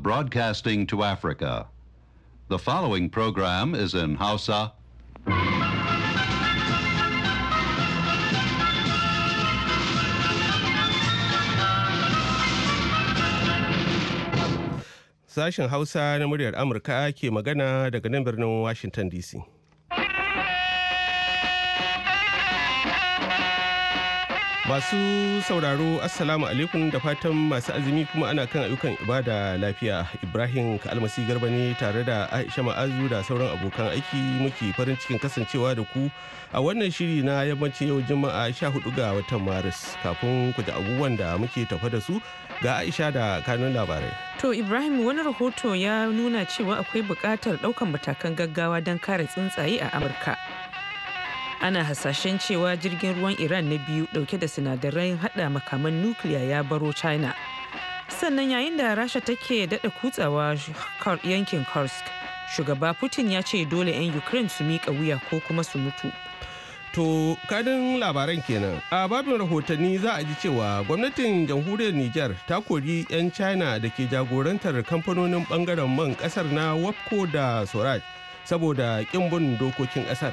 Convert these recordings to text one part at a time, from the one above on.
broadcasting to Africa. The following program is in Hausa. Sashen Hausa na muryar Amurka ke magana daga nan birnin Washington DC. Masu sauraro Assalamu alaikum da fatan masu azumi kuma ana kan ayyukan ibada lafiya Ibrahim Kalmasi Garba ne tare da Aisha Ma'azu da sauran abokan aiki muke farin cikin kasancewa da ku a wannan shiri na yammacin yau Juma'a 14 ga watan Maris kafin ku ji abubuwan da muke tafa da su ga Aisha da kanun labarai. To Ibrahim wani rahoto ya nuna cewa akwai buƙatar ɗaukan matakan gaggawa don kare tsuntsaye a Amurka. ana hasashen cewa jirgin ruwan iran na biyu dauke da sinadarai hada makaman nukiliya ya baro china sannan yayin da rasha take dada kutsawa yankin kursk shugaba putin ya ce dole 'yan ukraine su mika wuya ko kuma su mutu To kadin labaran kenan a babin rahotanni za a ji cewa gwamnatin jamhuriyar Nijar ta kori 'yan China da ke jagorantar kamfanonin bangaren man kasar na WAPCO da Soraj saboda bin dokokin kasar.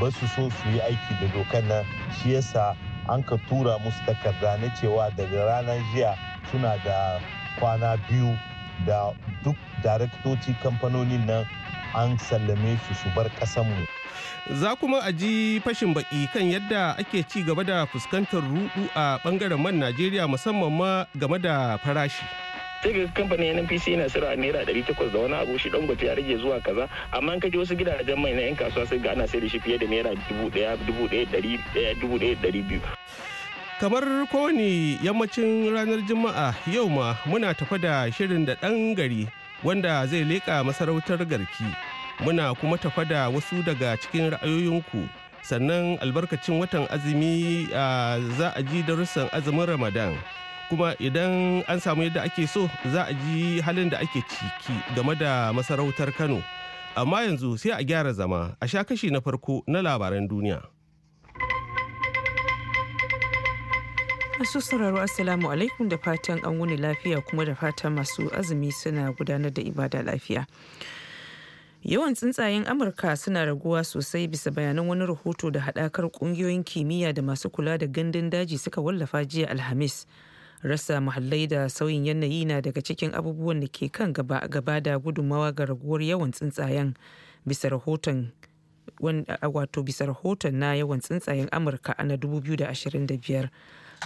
ba su so su yi aiki da dokar nan shi yasa an ka tura musu takarda na cewa daga ranar jiya suna da kwana biyu da duk daraktoci kamfanonin nan an sallame su su bar kasanmu. Za kuma a ji fashin baki kan yadda ake ci gaba da fuskantar rudu a bangaren man Najeriya musamman ma game da farashi. sai ga kamfanin NNPC yana sira naira ɗari takwas da wani abu shi dangote ya rage zuwa kaza amma ka je wasu gidajen mai na 'yan kasuwa sai ga ana sai da shi fiye da naira dubu ɗaya dubu ɗaya ɗari ɗaya dubu ɗaya ɗari biyu. kamar kowane yammacin ranar juma'a yau ma muna tafa da shirin da ɗan gari wanda zai leƙa masarautar garki muna kuma tafa da wasu daga cikin ra'ayoyinku sannan albarkacin watan azumi za a ji darussan azumin ramadan kuma idan an samu yadda ake so za a ji halin da ake ciki game da masarautar kano amma yanzu sai a gyara zama a sha kashi na farko na labaran duniya masu sauraro assalamu alaikum da fatan an wuni lafiya kuma da fatan masu azumi suna gudanar da ibada lafiya yawan tsuntsayen amurka suna raguwa sosai bisa bayanan wani rahoto da hadakar kungiyoyin kimiyya da masu kula da gandun daji suka wallafa jiya alhamis rasa muhallai da sauyin yanayi na daga cikin abubuwan da ke kan gaba da gudunmawa ga raguwar yawan tsuntsayen bisa rahoton wato bisa rahoton na yawan tsuntsayen amurka a na 2025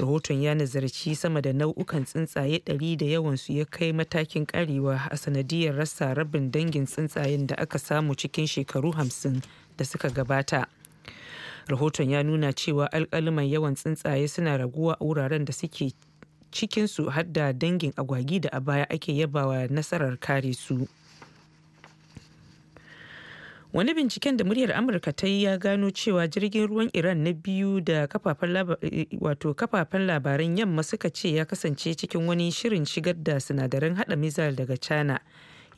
rahoton ya nazarci sama da nau'ukan tsuntsaye 100 da yawan su ya kai matakin karewa a sanadiyar rasa rabin dangin tsuntsayen da aka samu cikin shekaru 50 da suka gabata rahoton ya nuna cewa alkaliman yawan tsuntsaye suna raguwa a wuraren da suke cikinsu har da dangin agwagi da a baya ake yabawa nasarar kare su. wani binciken da muryar amurka ta yi ya gano cewa jirgin ruwan iran na biyu da kafafen eh, eh, labaran yamma suka ce ya kasance cikin wani shirin shigar da sinadaran hada mizal daga china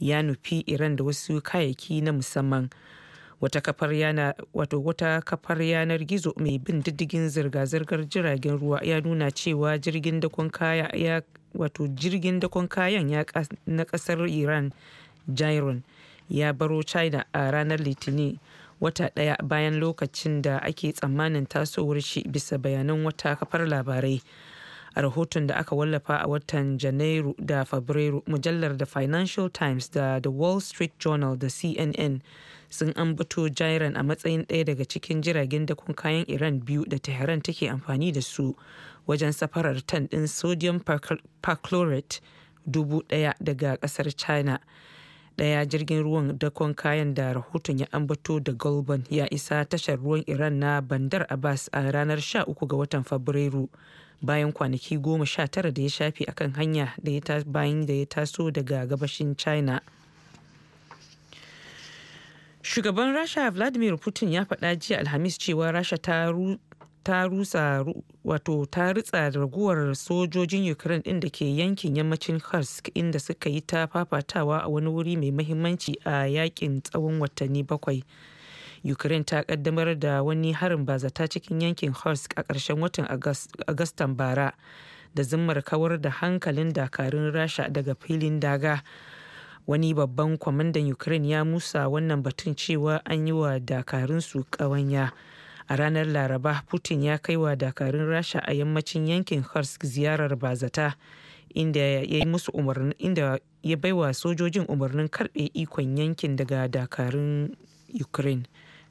ya nufi iran da wasu kayayyaki na musamman wata kafar yanar gizo mai bin diddigin zirga-zirgar jiragen ruwa ya nuna cewa jirgin dakon kaya ya wato jirgin dakon kayan ya na kasar iran jairon ya baro china a ranar litinin wata daya bayan lokacin da ake tsammanin tasowar shi bisa bayanan wata kafar labarai a rahoton da aka wallafa a watan janairu da fabrairu mujallar da financial times da the wall street journal da cnn sun ambato jairan a matsayin ɗaya daga cikin jiragen dakon kayan iran biyu da tehran take amfani da su wajen safarar tan ɗin sodium perchlorate dubu ɗaya daga ƙasar china ɗaya jirgin ruwan dakon kayan da rahoton ya ambato da golban ya isa tashar ruwan iran na bandar abbas a ranar 13 ga watan fabrairu bayan kwanaki goma sha tara da ya shafi akan hanya bayan da ya taso daga gabashin china shugaban rasha vladimir putin ya faɗa jiya alhamis cewa rasha ta ta rusa wato ta ritsa raguwar sojojin ukraine din da ke yankin yammacin kursk inda suka yi ta fafatawa a wani wuri mai mahimmanci a yakin tsawon watanni bakwai ukraine ta kaddamar da wani harin bazata cikin yankin kursk a ƙarshen watan agustan bara da zimmar kawar da hankalin dakarun rasha daga filin daga wani babban kwamandan ukraine ya musa wannan batun cewa an yi wa dakarunsu ƙawanya a ranar laraba putin ya kai wa dakarun rasha a yammacin yankin kursk ziyarar bazata inda ya musu umarnin inda ya baiwa sojojin umarnin karbe ikon yankin daga dakarun ukraine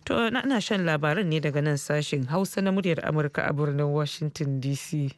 to na shan labaran ne daga nan sashen hausa na muryar amurka a birnin washington dc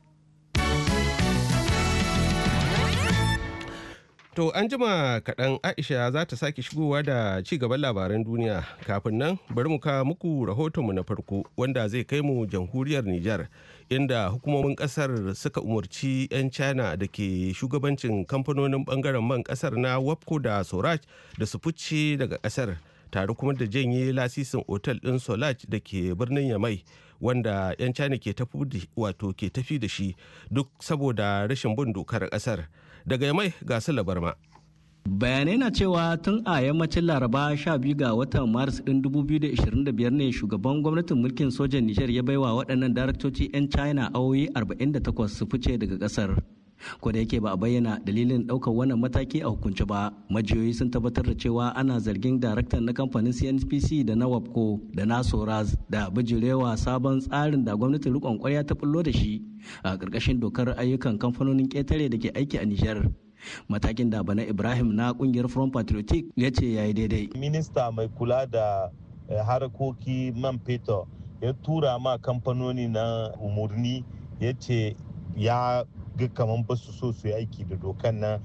To an jima kaɗan Aisha za ta sake shigowa da ci gaban labaran duniya kafin nan bari mu ka muku rahotonmu na farko wanda zai kai mu jamhuriyar Nijar inda hukumomin ƙasar suka umarci 'yan China da ke shugabancin kamfanonin ɓangaren man ƙasar na Wapco da Soraj da su fice daga ƙasar tare kuma da janye lasisin otal ɗin Solaj da ke birnin Yamai. wanda 'yan china ke tafi ke tafi da shi duk saboda rashin bin dokar ƙasar. daga mai ga ma. bayanai na cewa tun a yammacin laraba 12 ga watan maris din 2025 ne shugaban gwamnatin mulkin sojan nijar ya baiwa waɗannan daraktoci 'yan china awoyi 48 su fice daga ƙasar ko da yake ba a bayyana dalilin ɗaukar wannan mataki a hukunci ba majiyoyi sun tabbatar da cewa ana zargin daraktan na kamfanin cnpc da na wapco da na da bijirewa sabon tsarin da gwamnatin rikon kwarya ta bullo da shi a ƙarƙashin dokar ayyukan kamfanonin ƙetare da ke aiki a nijar matakin da bana ibrahim na kungiyar front patriotic ya ce ya yi daidai minista mai kula da eh, harkoki man fetur ya tura ma kamfanoni na umarni ya ce ya duk kamar ba su so su yi aiki da dokan nan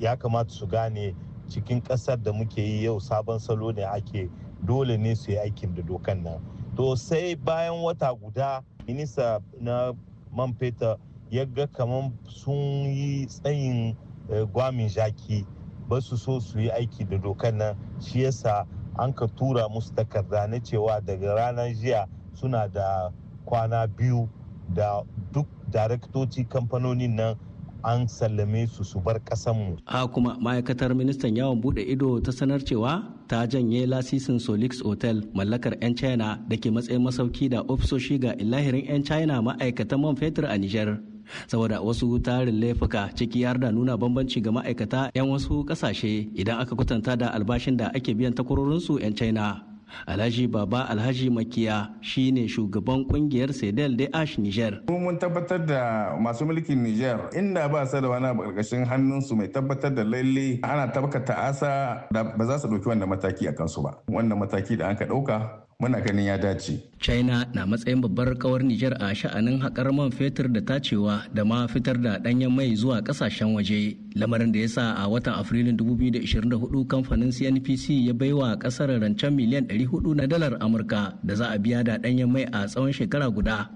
ya kamata su gane cikin kasar da muke yi yau sabon salo ne ake dole ne su yi aikin da dokan nan to sai bayan wata guda minista na man fetur ya ga kamar sun yi tsayin eh, gwamin jaki ba su so su yi aiki da dokan nan shi yasa an ka tura musu takarda na cewa daga ranar jiya suna da kwana biyu da duk daraktoci kamfanonin nan an sallame su su bar kasanmu. A kuma ma'aikatar ministan yawon bude ido ta sanar cewa ta janye lasisin Solix Hotel mallakar 'yan China da ke matsayin masauki da ofisoshi ga ilahirin 'yan China ma'aikatan man fetur a Nijar. saboda wasu tarin laifuka ciki har da nuna bambanci ga ma'aikata 'yan wasu kasashe idan aka kwatanta da albashin da ake biyan takwarorinsu 'yan china alhaji baba alhaji makiya shine shugaban kungiyar sedel de ash niger mun tabbatar da masu mulkin niger inda ba su da wani karkashin hannunsu mai tabbatar da lalle ana tabbata asa da ba za su ɗauki wannan mataki a kansu ba wannan mataki da an ka ɗauka muna ganin ya dace. China na matsayin babbar kawar Nijar a sha'anin haƙar man fetur da tacewa da ma fitar da ɗanyen mai zuwa ƙasashen waje. Lamarin da ya sa a watan Afrilun 2024 kamfanin CNPC ya baiwa ƙasar rancen miliyan 400 na dalar Amurka da za a biya da ɗanyen mai a tsawon shekara guda.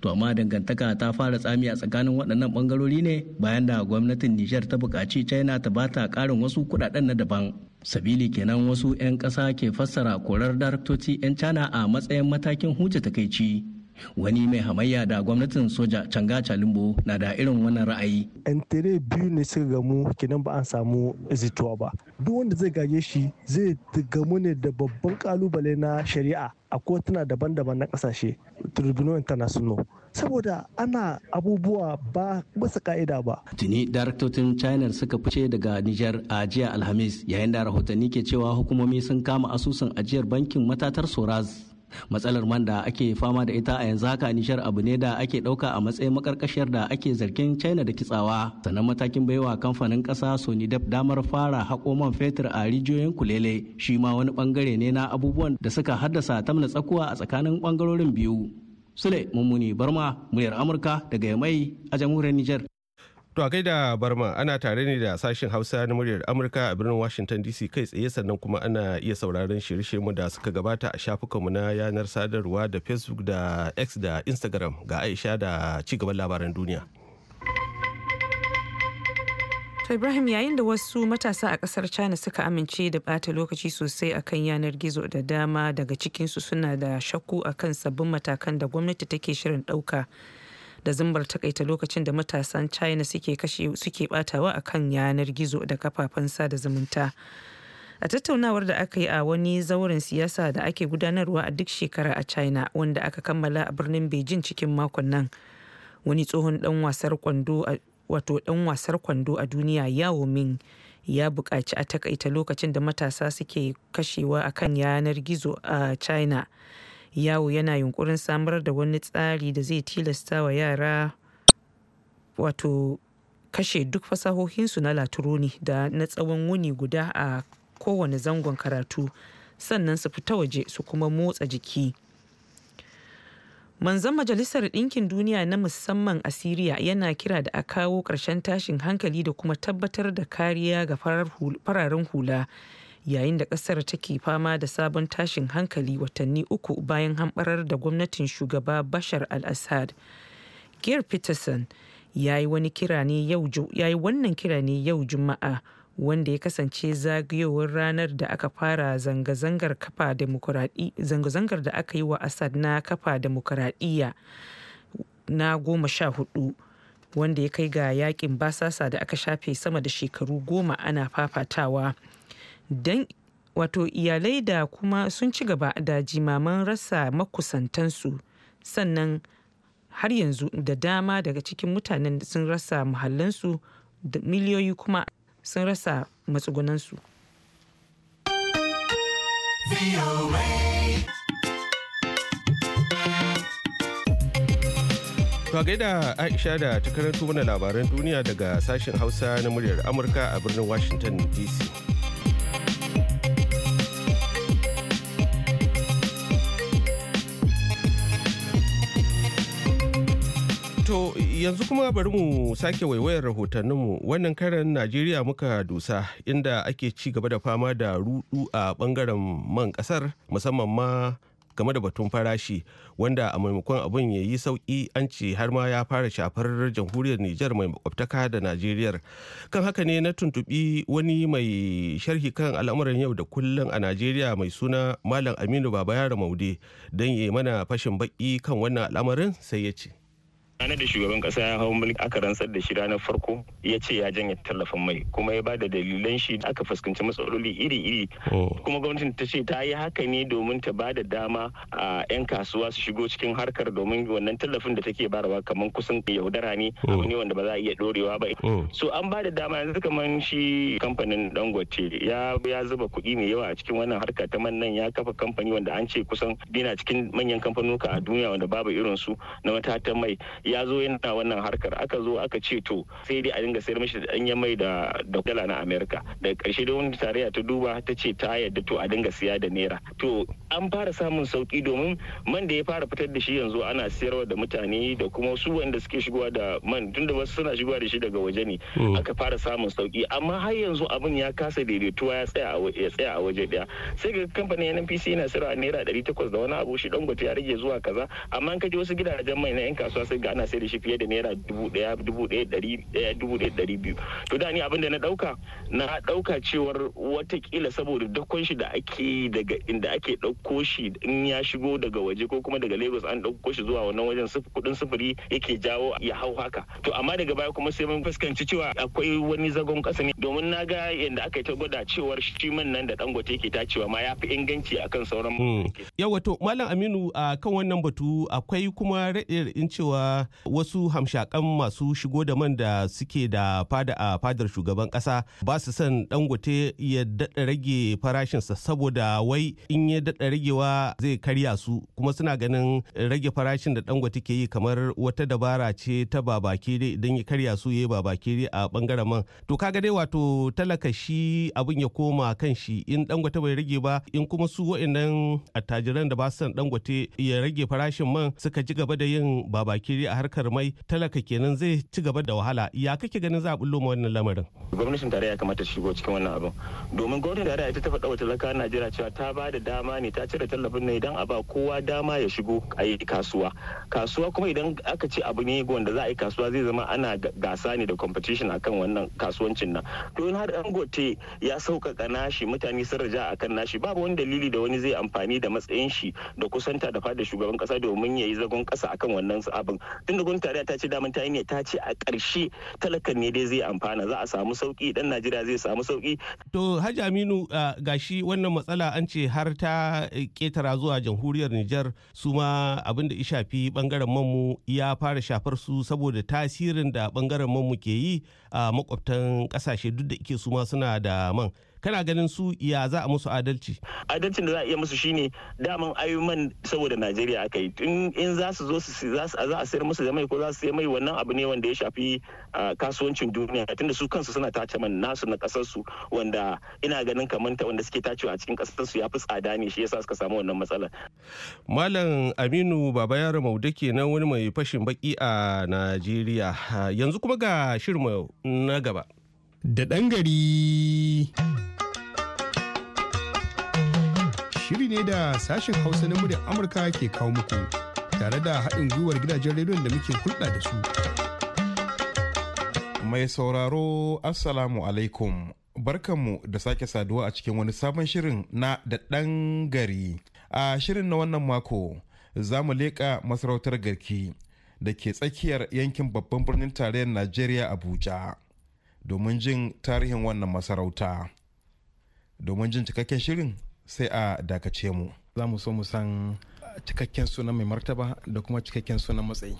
to amma dangantaka ta fara tsami a tsakanin waɗannan bangarori ne bayan da gwamnatin nijar ta buƙaci china ta bata ƙarin wasu kuɗaɗen na daban sabili kenan wasu 'yan ƙasa ke fassara korar daraktoci 'yan cana a matsayin matakin huce takaici wani mai hamayya da gwamnatin soja canga calimbo na da irin wannan ra'ayi yan tere biyu ne suka gamu kenan ba an samu zituwa ba duk wanda zai gaje shi zai gamu ne da babban kalubale na shari'a a kotuna daban-daban na kasashe tribunal international saboda ana abubuwa ba masa ka'ida ba. Tuni daraktocin China suka fice daga Nijar a jiya Alhamis yayin da rahotanni ke cewa hukumomi sun kama asusun ajiyar bankin matatar Soraz. Matsalar man da ake fama da ita a yanzu haka Nijar abu ne da ake ɗauka a matsayin makarkashiyar da ake zargin China da kitsawa. Sannan matakin baiwa kamfanin ƙasa da damar fara haƙo man fetur a rijiyoyin kulele shi ma wani ɓangare ne na abubuwan da suka haddasa tamna tsakuwa a tsakanin ɓangarorin biyu. Sule Mummuni Barma muryar Amurka daga Yamai a jamhuriyar Nijar. To a gaida Barma ana tare ne da sashen Hausa na muryar Amurka a birnin Washington DC kai tsaye sannan kuma ana iya sauraron shirye mu da suka gabata a shafukanmu na yanar sadarwa da Facebook da X da Instagram ga Aisha da cigaban labaran duniya. To Ibrahim yayin da wasu matasa a kasar China suka amince da bata lokaci sosai akan yanar gizo da dama daga cikinsu suna da shakku kan sabbin matakan da gwamnati take shirin ɗauka da zumbar takaita lokacin da matasan China suke kashe suke batawa akan yanar gizo da kafafen sada zumunta. A tattaunawar da aka yi a wani zauren siyasa da ake gudanarwa a duk shekara a China wanda aka kammala a birnin Beijing cikin makon nan. wani tsohon dan wasar kwando a. wato ɗan wasar kwando a duniya Yao Ming ya bukaci a takaita lokacin da matasa suke kashewa akan yanar gizo a China. Yawo yana yunkurin samar da wani tsari da zai tilasta wa yara wato kashe duk fasahohinsu na laturuni da na tsawon wuni guda a kowane zangon karatu sannan su fita waje su kuma motsa jiki. manzan majalisar ɗinkin duniya na musamman a siriya yana kira da a kawo ƙarshen tashin hankali da kuma tabbatar da kariya ga fararen hula yayin da ƙasar take fama da sabon tashin hankali watanni uku bayan hamɓarar da gwamnatin shugaba bashar al-assad gear peterson ya yi wannan kira ne yau juma'a wanda ya kasance zagayowar ranar da aka fara zanga-zangar da aka yi wa asad na kafa demokuraɗiyya na goma sha hudu wanda ya kai ga yakin basasa da aka shafe sama da shekaru goma ana fafatawa don wato iyalai da kuma sun ci gaba da jimaman rasa makusantansu sannan har yanzu da dama daga cikin mutanen sun rasa muhallansu da miliyoyi kuma sun rasa matsugunansu. To gaida Aisha da ta karanto mana labaran duniya daga sashen Hausa na muryar Amurka a birnin Washington DC. yanzu kuma bari mu sake waiwayar rahotanninmu wannan karan Najeriya muka dusa inda ake ci gaba da fama da rudu a bangaren man kasar musamman ma game da batun farashi wanda a maimakon abin ya yi sauki an ce har ma ya fara shafar jamhuriyar Niger mai makwabtaka da Najeriya. Kan haka ne na tuntubi wani mai sharhi kan al'amuran yau da kullum a Najeriya mai suna Malam Aminu Baba Yara Maude don ya mana fashin baki kan wannan al'amarin sai ya ce. ranar da shugaban kasa ya hau mulki aka rantsar da shi ranar farko ya ce ya janye tallafin mai kuma ya ba da dalilan shi aka fuskanci matsaloli iri-iri oh. kuma gwamnatin ta ce ta yi haka ne domin ta ba da dama a 'yan kasuwa su shigo cikin harkar domin wannan tallafin da take barawa kamar kusan yaudara ne oh. abu ne wanda ba za a iya dorewa ba oh. so an ba da dama yanzu kamar shi kamfanin dangote ya ya zuba kuɗi mai yawa a cikin wannan harka ta man nan ya kafa kamfani wanda an ce kusan dina cikin manyan kamfanuka a duniya wanda babu irin su na matatan mai ya zo yana wannan harkar aka zo aka ce to sai dai a dinga sayar mishi da danyen mai da dala na amerika da karshe da wani tarayya ta duba ta ce ta yadda to a dinga siya da naira to an fara samun sauki domin man da ya fara fitar da shi yanzu ana sayarwa da mutane da kuma su wanda suke shigowa da man tunda wasu suna shigowa da shi daga waje ne hmm. aka fara samun sauki amma har yanzu abin ya kasa daidaituwa ya tsaya a waje daya sai ga kamfanin NNPC yana sayarwa naira 800 da wani abu shi dangote ya rage zuwa kaza amma an kaje wasu gidajen mai na yan kasuwa sai ga ana sai da shi fiye da naira dubu ɗaya dubu ɗaya ɗari ɗaya dubu ɗaya ɗari biyu to da ni abin da na ɗauka na ɗauka cewar watakila saboda dakon shi da ake daga inda ake ɗauko shi in ya shigo daga waje ko kuma daga lagos an ɗauko shi zuwa wannan wajen kuɗin sufuri yake jawo ya hau haka to amma daga baya kuma sai mun fuskanci cewa akwai wani zagon ƙasa ne domin na ga yadda aka yi ta gwada cewar shi man nan da dangote yake tacewa ma ya fi inganci akan sauran hmm. yawa to malam aminu a kan wannan batu akwai kuma raɗe-raɗin cewa wasu hamshakan masu shigo da man da suke da fada a fadar shugaban kasa ba su son dangote ya daɗa rage farashinsa saboda wai in ya daɗa ragewa zai karya su kuma suna ganin rage farashin da dangote ke yi kamar wata dabara ce ta babakere idan ya karya su ya yi babakere a bangaren man to kaga dai wato talaka shi abin ya koma kan shi in dangote bai rage ba in kuma su wa'annan attajiran da ba su son dangote ya rage farashin man suka ji gaba da yin babakere a harkar mai talaka kenan zai ci gaba da wahala ya kake ganin za a bullo ma wannan lamarin gwamnatin tarayya kamata ta shigo cikin wannan abin domin gwamnatin tarayya ita ta faɗa wa talaka najeriya cewa ta ba da dama ne ta cire tallafin ne idan a ba kowa dama ya shigo a yi kasuwa kasuwa kuma idan aka ce abu ne wanda za a yi kasuwa zai zama ana gasa ne da competition akan wannan kasuwancin nan to in har dangote ya sauƙaƙa nashi mutane sun raja akan nashi babu wani dalili da wani zai amfani da matsayin shi da kusanta da fada shugaban kasa domin ya yi zagon kasa akan wannan abin tun gwamnati tarayya ta ce daman ta yi ne ta ce a ƙarshe talakan ne dai zai amfana za a samu sauki dan najeriya zai samu sauki to hajji aminu gashi wannan matsala an ce har ta ketara zuwa jamhuriyar nijar su ma abin da shafi bangaren manmu ya fara shafar su saboda tasirin da bangaren manmu ke yi a makwabtan kasashe duk da ke su ma suna da man kana ganin su ya za a musu adalci adalcin da za a iya musu shine daman ayyuman saboda najeriya aka yi in za su zo su za a sayar musu da mai ko za su sayar mai wannan abu ne wanda ya shafi kasuwancin duniya da su kansu suna tace man nasu na kasar su wanda ina ganin kamar ta wanda suke tace a cikin kasar su ya fi tsada ne shi yasa suka samu wannan matsalar malam aminu baba yaro maude kenan wani mai fashin baki a najeriya yanzu kuma ga shirma na gaba da ɗan gari shiri ne da sashen hausa na muryar amurka ke kawo muku tare da haɗin gwiwar gidajen rediyon da muke hulɗa da su mai sauraro assalamu alaikum barkanmu da sake saduwa a cikin wani sabon shirin na ɗan gari a shirin na wannan mako za mu leƙa masarautar garki da ke tsakiyar yankin babban birnin tarayyar najeriya abuja domin jin tarihin wannan masarauta domin jin cikakken shirin sai a dakace mu za mu so mu san cikakken sunan mai martaba da kuma cikakken sunan matsayi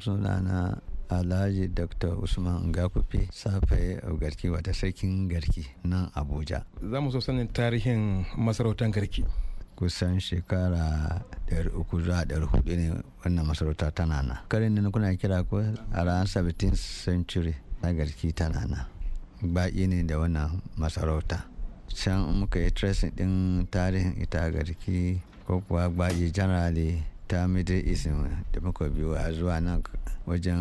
sunana alhaji dr usman gakufe safaye garki wata sarkin garki nan abuja za mu so sanin tarihin masarautar garki kusan shekara 300-400 ne wannan masarauta tana na karin nan kuna kira ko a ranar 17th century na garki tana na baƙi ne da wannan masarauta can muka yi tracing din tarihin ita garki ko kuwa gbaji generally ta middle east da muka biyo a zuwa nan wajen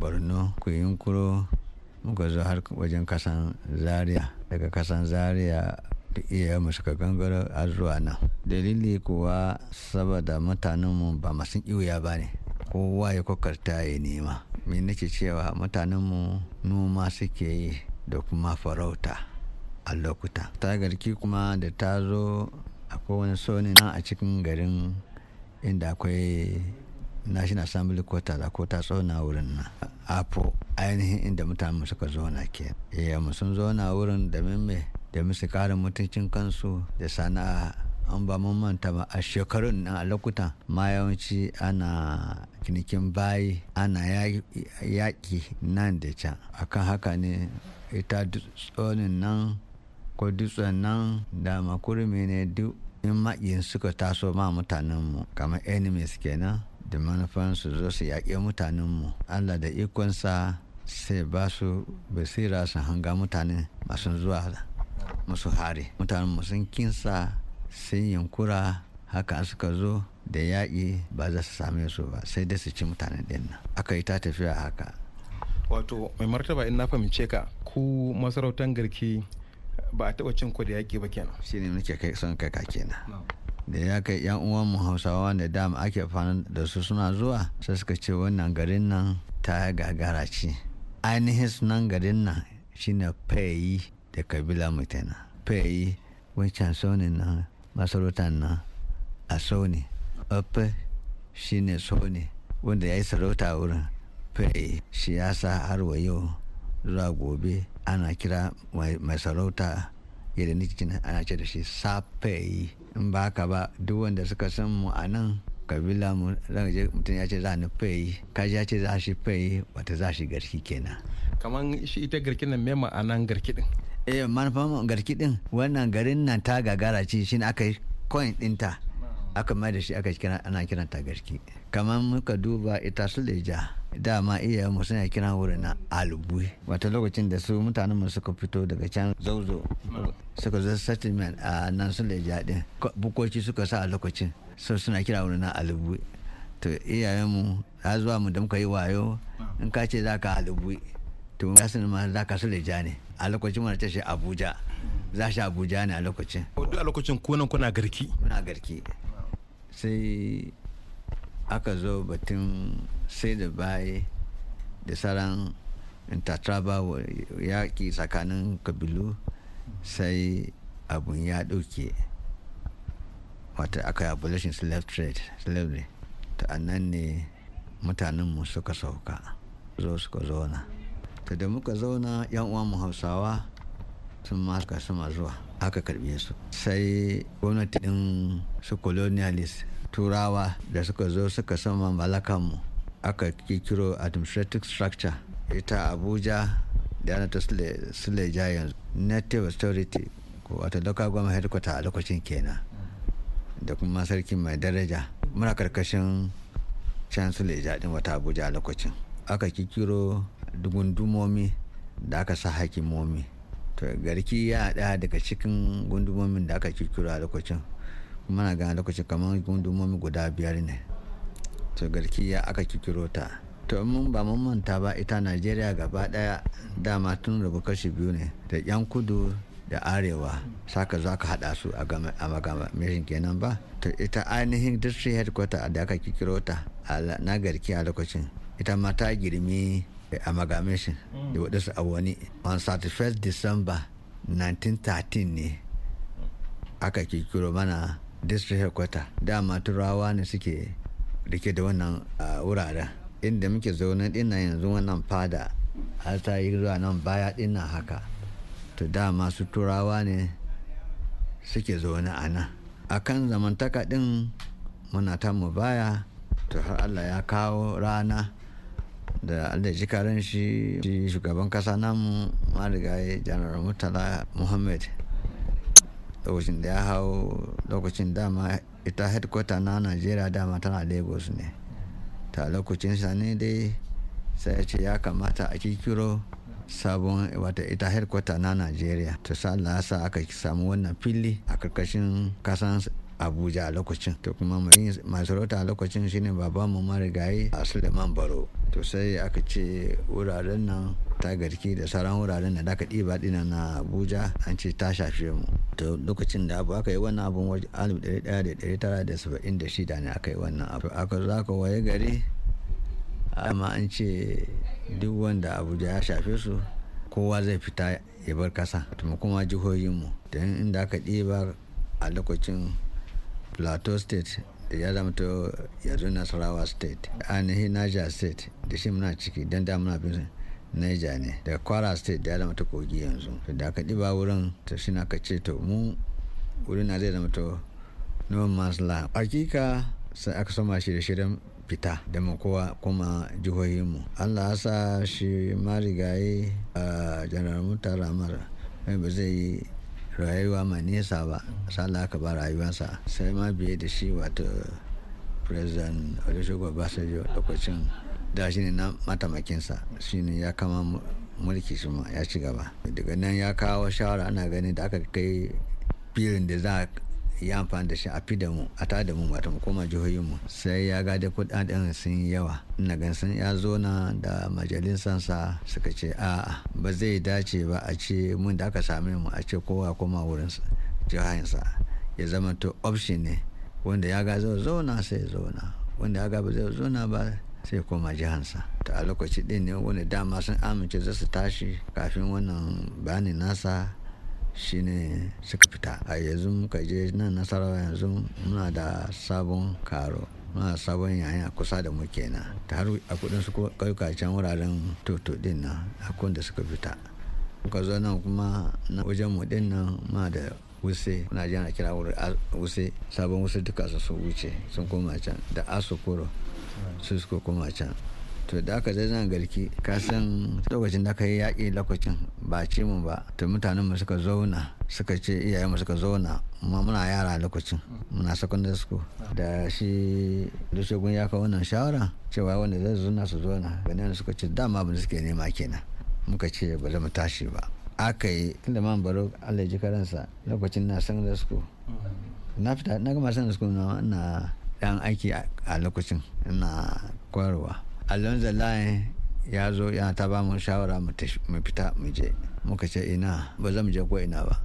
borno kuyinkuro muka zo har wajen kasan zaria daga kasan zaria iya musu suka gangaro a zuwa nan dalili kuwa saboda mutanenmu ba masu iwuya ba ne kowa ya kokarta ya nema me nake cewa mutanenmu noma suke yi da kuma farauta a lokuta tagarki kuma da ta zo akwai wani soni nan a cikin garin inda akwai national assembly quarter da ko ta tsona wurin na apo ainihin inda mutane suka zona ke iya eh, sun zona wurin da mimme da musu karin mutuncin kansu da sana'a an ba mun manta ba a shekarun na a lokuta. ma yawanci ana kinikin bayi ana yaƙi nan da can akan haka ne ita tsonin nan akwai dutsen nan da makurmi ne duk in maƙiyin suka taso ma mutanenmu kamar enemies kenan da manufan su zo su yaƙe mutanenmu allah da ikonsa sai ba su basira su hanga mutane masu zuwa musu hari mutanenmu sun kinsa sun yankura haka suka zo da yaƙi ba za su same su ba sai dai su ci mutane ɗin nan aka yi ta tafiya haka wato mai martaba in na fahimce ka ku masarautar garki ba a taɓa cin ku da yaƙi ba kenan shi ne nake kai son kai kenan da ya kai yan uwan mu hausawa da dama ake fana da su suna zuwa sai suka ce wannan garin nan ta gagara ce ainihin sunan garin nan shine fayi da kabila mutana fayi wancan sauni na masarautar na a sauni ofe shine sauni wanda ya yi sarauta wurin fayi shi ya sa har wa yau zuwa gobe ana kira mai sarauta yadda ni cikin ana ce da shi safe in ba ka ba duk wanda suka san mu a nan kabila mu zan je mutum ya ce za ni fayi kaji ya ce za shi fayi wata za shi garki kenan kaman shi ita garkin nan me ma'anan garki din eh manufan garki din wannan garin nan ta gagara ce shi aka yi coin dinta aka mai da shi aka kira ana kiranta garki kaman muka duba ita suleja dama musu suna kira wurin na alubu wata lokacin da su mutanen mu suka fito daga can zauzo suka zo settlement a nan sun leja din bukoci suka sa a lokacin so suna kira wurin na alubu to mu har zuwa mu da muka yi wayo in ka ce za ka alubu to ya sani ma za ka su leja ne a lokacin wani tashi abuja za shi abuja ne a lokacin a lokacin kunan kuna garki kuna garki sai aka zo batun sai da baye da saran wa yaƙi tsakanin kabilu sai abun ya ɗauke wata aka yi abolition slave trade slavery ta annan ne mutanenmu suka sauka zo suka zauna ta da muka zauna yan uwanmu hausawa sun masu sama zuwa aka karbe su sai gwamnati ɗin su colonialist turawa da suka zo suka sama malakanmu aka kikiro administrative structure ita abuja da ana ta sule yanzu native authority wato local government headquarter a lokacin kenan da kuma sarki mai daraja muna karkashin can sule din wata abuja a lokacin aka kikiro gundumomi da aka sa hakimomi to garki ya daya daga cikin gundumomin da aka kikiro a lokacin muna gane lokaci kamar gundumomi guda biyar ne to ya aka kikiro ta to mun ba mun manta ba ita najeriya gaba daya dama tun rubu kashi biyu ne da yan kudu da arewa saka za ka hada su a magamishin kenan ba to ita ainihin district headquarter da aka kikiro ta na garki a lokacin ita ma girmi a magamishin da waɗansu a wani on 31 december 1913 ne aka kikiro mana district headquarter dama turawa ne suke rike da wannan wuraren inda muke zaune dinnan yanzu wannan fada har ta yi zuwa nan baya dinnan haka to dama su turawa ne suke zaune a nan a kan zamantaka din muna ta mu baya to har allah ya kawo rana da allah ji shi shugaban kasa namu marigayi janar murtala muhammad lokacin da ya hau lokacin dama ita headquarter na najeriya dama tana lagos ne ta lokacin sa ne dai sai ce ya kamata a kikiro sabon wata ita headquarter na najeriya ta sa aka samu wannan fili a karkashin kasan abuja a lokacin to kuma mai masarauta a lokacin shine babanmu marigayi a suleiman baro to sai aka ce wuraren nan tagarki da sauran wuraren da aka ɗiba ɗina na abuja an ce ta shafe mu to lokacin da abu aka yi wannan abun waje 1976 ne aka yi wannan abu aka za ka waye gari amma an ce duk wanda abuja ya shafe su kowa zai fita ya bar kasa kuma jihohinmu don inda aka ɗiba a lokacin plateau state ya to yanzu nasarawa state ainihin niger state da shi muna ciki don da muna bin niger ne da kwara state ya ta kogi yanzu da aka ɗiba wurin ta shi na kace to mu wurin na zai to noman man's land hakika sai aka soma shi da shirin fita da kowa kuma jihohinmu allah ya sa shi marigayi a ah, janar mutar ramar eh, ba zai yi rayuwa mai nesa ba sanda aka ba rayuwarsa sai ma biye da shi wato president olusegun obasanjo lokacin da shi ne na matamakinsa shi ne ya kama mulki shi ma ya ci gaba daga nan ya kawo shawara ana gani da aka kai filin da za ya amfani da shi a fi da mu a ta da mu wata mu koma jihohin mu sai ya gada kudaden sun yawa ina gan sun ya zo na da sa suka ce a'a ba zai dace ba a ce mun da aka same mu a ce kowa koma wurin jihohinsa ya zama to option ne wanda ya ga zai zauna sai zauna wanda ya ga ba zai zauna ba sai koma jihansa ta a lokaci ɗin ne wani dama sun amince za su tashi kafin wannan bani nasa shine suka fita a yanzu muka je nan nasarawa yanzu muna da sabon karo muna sabon yayin a kusa da mu kenan ta har a kudin su kauka can wuraren toto din nan a da suka fita muka zo nan kuma na wajen mu din nan muna da wuse muna jana kira wuse sabon wuse duka su wuce sun koma can da asokoro su suka koma can to da aka zai zan garki ka san lokacin da aka yi yaƙi lokacin ba ce mu ba to mutanen mu suka zauna suka ce iyayen mu suka zauna amma muna yara lokacin muna secondary school da shi dushegun ya kawo wannan shawara cewa wanda zai zauna su zauna ganin suka ce dama ba suke nema kenan muka ce ba za mu tashi ba aka yi tunda man baro allah ji karansa lokacin na secondary school na fita na gama secondary school na ina yan aiki a lokacin ina kwarwa allon the ya zo yana ta ba mu shawara mu fita mu je muka ce ina ba zan je ko ina ba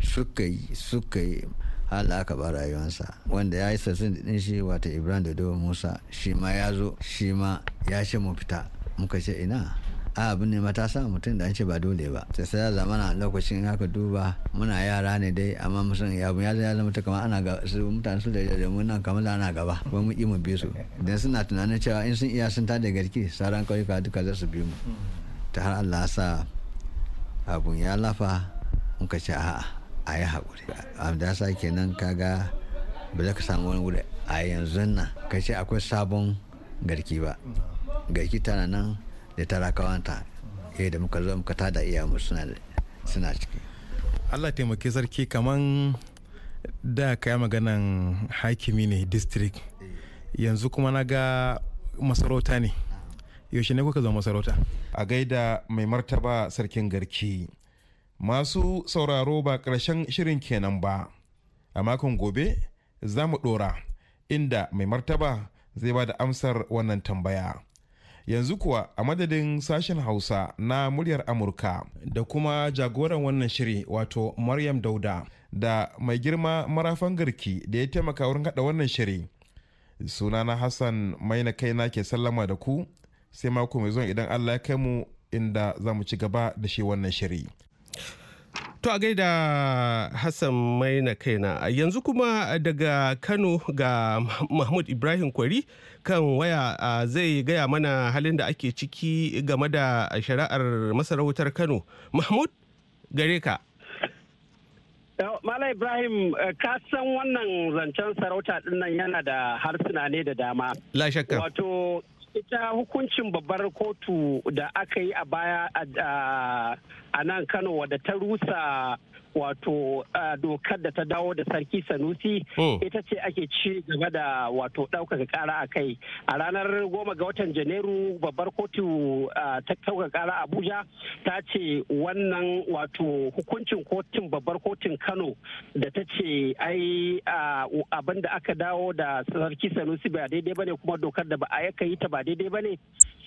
suka yi suka yi hala aka ba rayuwansa wanda ya yi sassin din shi wata ibrahim da musa shi ma ya zo shi ma ya ce mu fita muka ce ina a abin ne matasa mutum da an ce ba dole ba sai sai zamana lokacin haka duba muna yara ne dai amma musan ya ya zama ta kamar ana ga su mutane su da mun nan kamar ana gaba ba mu yi mu bi su dan suna tunanin cewa in sun iya sun tada garki sauran kauyuka duka za su bi mu ta har Allah sa abun ya lafa muka ce a'a a yi haƙuri abin da sa kenan kaga ba za ka samu wani wuri a yanzu nan ka ce akwai sabon garki ba garki tana nan da talakawanta eh da muka zo muka tada iyamu suna suna ciki Allah taimake sarki kaman da kai maganan hakimi ne district yanzu kuma na ga masarauta ne yaushe ne kuka zo masarauta a gaida mai martaba sarkin garki masu sauraro ba karshen shirin kenan ba a makon gobe za mu ɗora inda mai martaba zai ba da amsar wannan tambaya yanzu kuwa a madadin sashen hausa na muryar amurka da kuma jagoran wannan shiri wato maryam dauda da mai girma marafan garki da ya taimaka wurin hada wannan shiri suna na hassan maina na ke sallama da ku sai mako mai zuwa idan allah ya kai mu inda za mu ci gaba da shi wannan shiri To a gaida Hassan mai na kaina yanzu kuma daga Kano ga Mahmud Ibrahim Kwari kan waya zai gaya mana halin da ake ciki game da shari'ar masarautar Kano. Mahmud gare ka. Mala Ibrahim eh, ka wannan zancen sarauta dinnan yana da harsuna ne da dama. La Wato ita hukuncin babbar kotu da aka yi a baya a nan kano wadda ta rusa wato dokar da ta dawo da sarki sanusi hmm. ita ce ake ci gaba da wato ɗaukaka kara a kai a ranar goma ga watan janairu babbar kotu ta ɗaukaka ƙara abuja ta ce wannan wato hukuncin kotun babbar kotun kano da ta ce ai abin da aka dawo da sarki sanusi ba daidai bane kuma dokar da ba a yaka yi ta ba daidai bane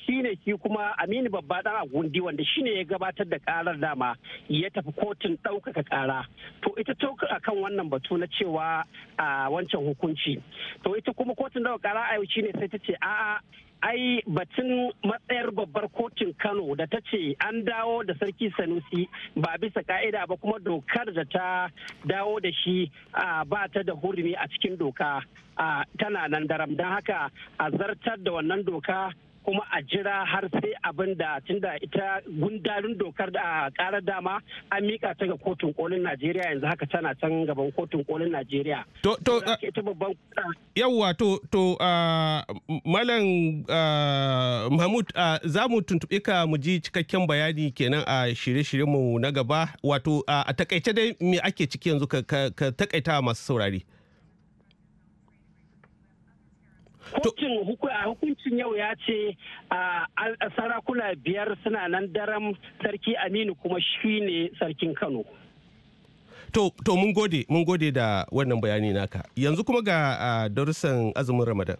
shine ki kuma aminu babba dan agundi wanda shine ya gabatar da karar dama ya tafi kotun ɗaukaka kara to ita a kan wannan batu na cewa a wancan hukunci to ita kuma kotun ɗaukaka kara a shine sai ta ce a'a ai batun matsayar babbar kotun kano da ta ce an dawo da sarki sanusi ba bisa ka'ida ba kuma dokar da ta dawo da shi ba ta da hurumi a cikin doka tana nan daram don haka a zartar da wannan doka kuma a jira har sai abin da tunda ita gundarin dokar da karar dama an mika ta ga kotun kolin najeriya yanzu haka tana can gaban kotun kolin najeriya to to uh, to to uh, malam uh, mahmud za mu tuntuɓe ka mu ji cikakken bayani kenan a shirye-shiryenmu na gaba wato a takaice dai me ake ciki yanzu ka takaita masu saurari Kocin hukuncin yau ya ce a sarakuna biyar suna nan daren sarki Aminu kuma shi ne sarkin Kano. To, to mun gode, da wannan bayani naka. Yanzu kuma ga darussan azumin Ramadan.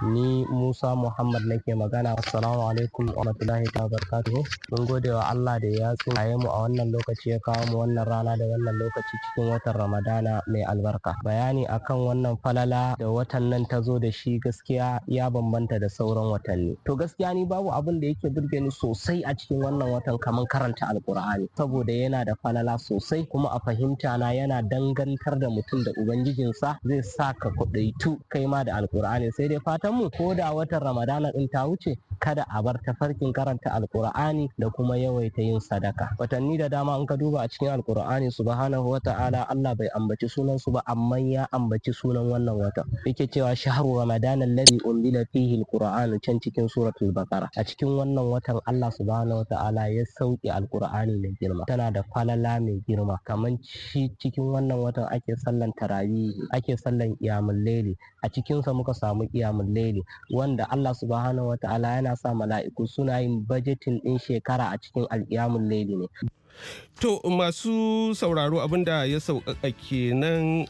ni Musa Muhammad nake magana assalamu alaikum wa rahmatullahi ta barkatu mun gode wa Allah da ya tsaye mu a wannan lokaci ya kawo mu wannan rana da wannan lokaci cikin watan Ramadana mai albarka bayani akan wannan falala da watan nan ta zo da shi gaskiya ya bambanta da sauran watanni to gaskiya ni babu abin da yake burge ni sosai a cikin wannan watan kamar karanta alkur'ani saboda yana da falala sosai kuma a fahimta na yana dangantar da mutum da ubangijinsa zai sa ka kuɗaitu kai ma da alkur'ani sai dai fata mu ko da watan ramadana din ta wuce kada a bar tafarkin karanta alkur'ani da kuma yawaita yin sadaka watanni da dama in ka duba a cikin alkur'ani subhanahu wata'ala Allah bai ambaci sunan su ba amma ya ambaci sunan wannan watan yake cewa shahru ramadana alladhi unzila fihi alqur'anu can cikin suratul baqara a cikin wannan watan Allah subhanahu wata'ala ya sauke alkur'ani mai girma tana da falala mai girma kamar shi cikin wannan watan ake sallan tarawih ake sallan iyamul laili a cikin sa muka samu iyamul laili wanda Allah subhanahu wa ta'ala yana sa mala'iku suna yin bajetin din shekara a cikin alƙiyamun laili ne To masu sauraro abinda ya sauƙaƙa kenan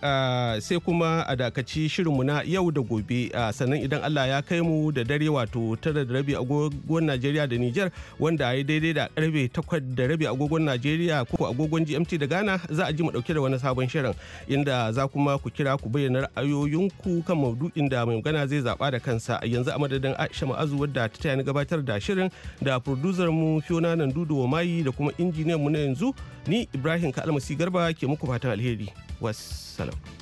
sai kuma a dakaci shirinmu na yau da gobe sannan idan Allah ya kai mu da dare wato tara da rabi agogon Najeriya da Nijar wanda ya daidai da karfe takwas da rabi agogon Najeriya ko agogon GMT da Ghana za a ji mu ɗauke da wani sabon shirin inda za kuma ku kira ku bayyana ra'ayoyinku kan maudu'in da mai magana zai zaɓa da kansa yanzu a madadin Aisha Ma'azu wadda ta tayani gabatar da shirin da producer mu Fiona Nandudu Mayi da kuma injiniyan mu ne na yanzu ni Ibrahim Kalmasi Garba ke muku fatan alheri. Wassalam.